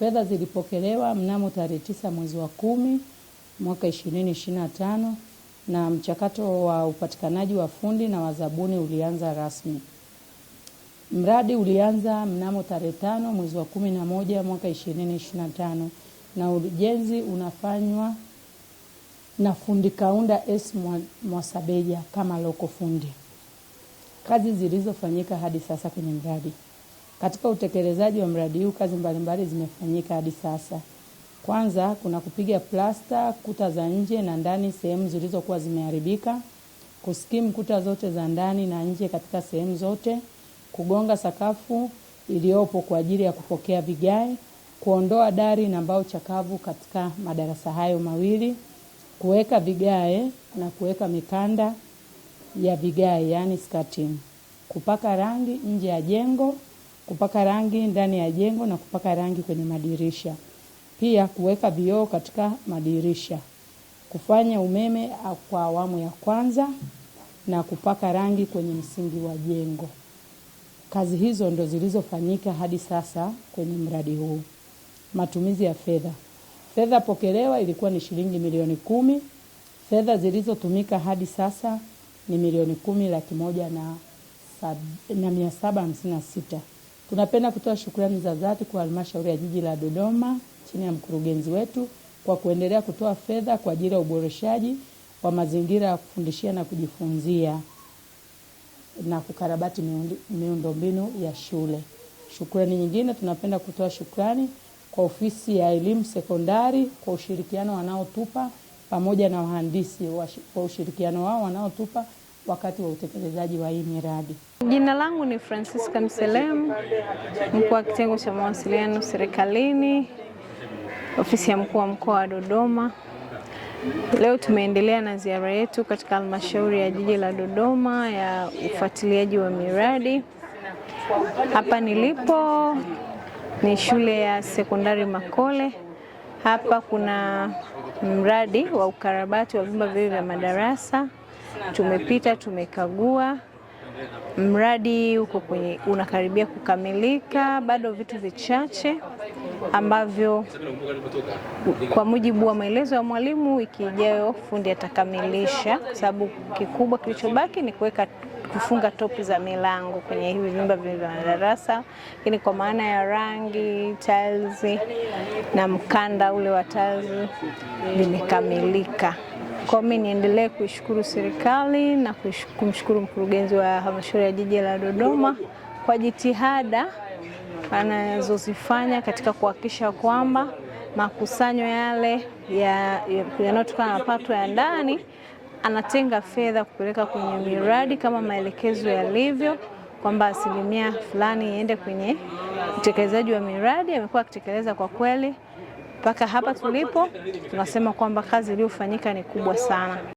Fedha zilipokelewa mnamo tarehe tisa mwezi wa kumi mwaka 2025 na mchakato wa upatikanaji wa fundi na wazabuni ulianza rasmi. Mradi ulianza mnamo tarehe tano mwezi wa kumi na moja mwaka 2025 na ujenzi unafanywa na fundi Kaunda S Mwasabeja kama loko fundi. Kazi zilizofanyika hadi sasa kwenye mradi katika utekelezaji wa mradi huu kazi mbalimbali zimefanyika hadi sasa. Kwanza kuna kupiga plasta kuta za nje na ndani sehemu zilizokuwa zimeharibika, kuskimu kuta zote za ndani na nje katika sehemu zote, kugonga sakafu iliyopo kwa ajili ya kupokea vigae, kuondoa dari na mbao chakavu katika madarasa hayo mawili, kuweka vigae na kuweka mikanda ya vigae, yani skirting, kupaka rangi nje ya jengo kupaka rangi ndani ya jengo na kupaka rangi kwenye madirisha, pia kuweka vioo katika madirisha, kufanya umeme kwa awamu ya kwanza na kupaka rangi kwenye msingi wa jengo. Kazi hizo ndo zilizofanyika hadi sasa kwenye mradi huu. Matumizi ya fedha, fedha pokelewa ilikuwa ni shilingi milioni kumi. Fedha zilizotumika hadi sasa ni milioni kumi laki moja na, na mia saba hamsini na sita. Tunapenda kutoa shukrani za dhati kwa halmashauri ya jiji la Dodoma chini ya mkurugenzi wetu kwa kuendelea kutoa fedha kwa ajili ya uboreshaji wa mazingira ya kufundishia na kujifunzia na kukarabati miundombinu ya shule. Shukrani nyingine, tunapenda kutoa shukrani kwa ofisi ya elimu sekondari kwa ushirikiano wanaotupa pamoja na wahandisi kwa ushirikiano wao wanaotupa wakati wa utekelezaji wa hii miradi. Jina langu ni Francisca mselem mkuu wa kitengo cha mawasiliano serikalini, ofisi ya mkuu wa mkoa wa Dodoma. Leo tumeendelea na ziara yetu katika halmashauri ya jiji la Dodoma ya ufuatiliaji wa miradi. Hapa nilipo ni shule ya sekondari Makole hapa kuna mradi wa ukarabati wa vyumba viwili vya madarasa. Tumepita, tumekagua. Mradi uko kwenye, unakaribia kukamilika, bado vitu vichache ambavyo kwa mujibu wa maelezo ya mwalimu, wiki ijayo fundi atakamilisha, kwa sababu kikubwa kilichobaki ni kuweka kufunga topi za milango kwenye hivi vyumba vya madarasa, lakini kwa maana ya rangi, tiles na mkanda ule wa tiles limekamilika Kwa mimi niendelee kuishukuru serikali na kumshukuru mkurugenzi wa halmashauri ya jiji la Dodoma kwa jitihada anazozifanya katika kuhakikisha kwamba makusanyo yale yanayotokana ya, na pato ya ndani anatenga fedha kupeleka kwenye miradi kama maelekezo yalivyo kwamba asilimia fulani iende kwenye utekelezaji wa miradi. Amekuwa akitekeleza kwa kweli, mpaka hapa tulipo tunasema kwamba kazi iliyofanyika ni kubwa sana.